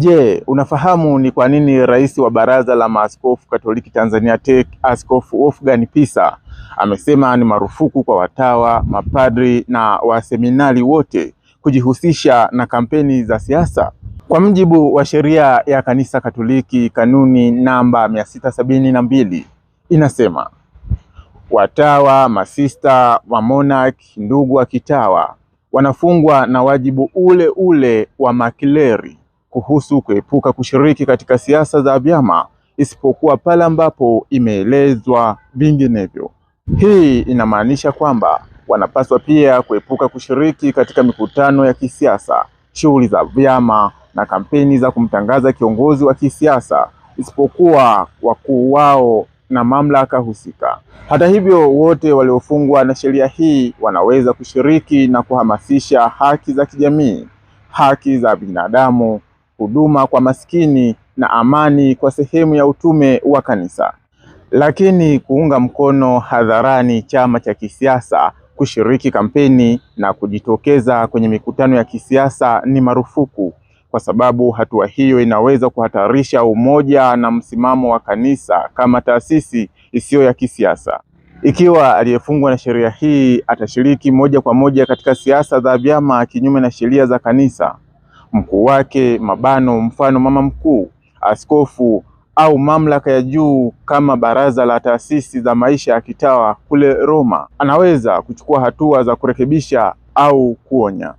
Je, unafahamu ni kwa nini rais wa Baraza la Maaskofu Katoliki Tanzania TEC Askofu Wolfgang Pisa amesema ni marufuku kwa watawa, mapadri na waseminari wote kujihusisha na kampeni za siasa? Kwa mjibu wa sheria ya Kanisa Katoliki, kanuni namba mia sita sabini na mbili inasema watawa, masista, mamonaki, ndugu wa kitawa wanafungwa na wajibu ule ule wa makileri kuhusu kuepuka kushiriki katika siasa za vyama isipokuwa pale ambapo imeelezwa vinginevyo. Hii inamaanisha kwamba wanapaswa pia kuepuka kushiriki katika mikutano ya kisiasa, shughuli za vyama na kampeni za kumtangaza kiongozi wa kisiasa isipokuwa wakuu wao na mamlaka husika. Hata hivyo, wote waliofungwa na sheria hii wanaweza kushiriki na kuhamasisha haki za kijamii, haki za binadamu huduma kwa maskini na amani kwa sehemu ya utume wa kanisa. Lakini kuunga mkono hadharani chama cha kisiasa, kushiriki kampeni na kujitokeza kwenye mikutano ya kisiasa ni marufuku, kwa sababu hatua hiyo inaweza kuhatarisha umoja na msimamo wa kanisa kama taasisi isiyo ya kisiasa. Ikiwa aliyefungwa na sheria hii atashiriki moja kwa moja katika siasa za vyama kinyume na sheria za kanisa mkuu wake, mabano, mfano mama mkuu, askofu au mamlaka ya juu kama baraza la taasisi za maisha ya kitawa kule Roma, anaweza kuchukua hatua za kurekebisha au kuonya.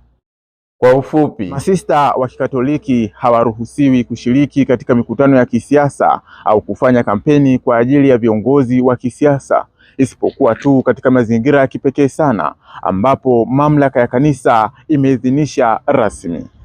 Kwa ufupi, masista wa Kikatoliki hawaruhusiwi kushiriki katika mikutano ya kisiasa au kufanya kampeni kwa ajili ya viongozi wa kisiasa, isipokuwa tu katika mazingira ya kipekee sana ambapo mamlaka ya kanisa imeidhinisha rasmi.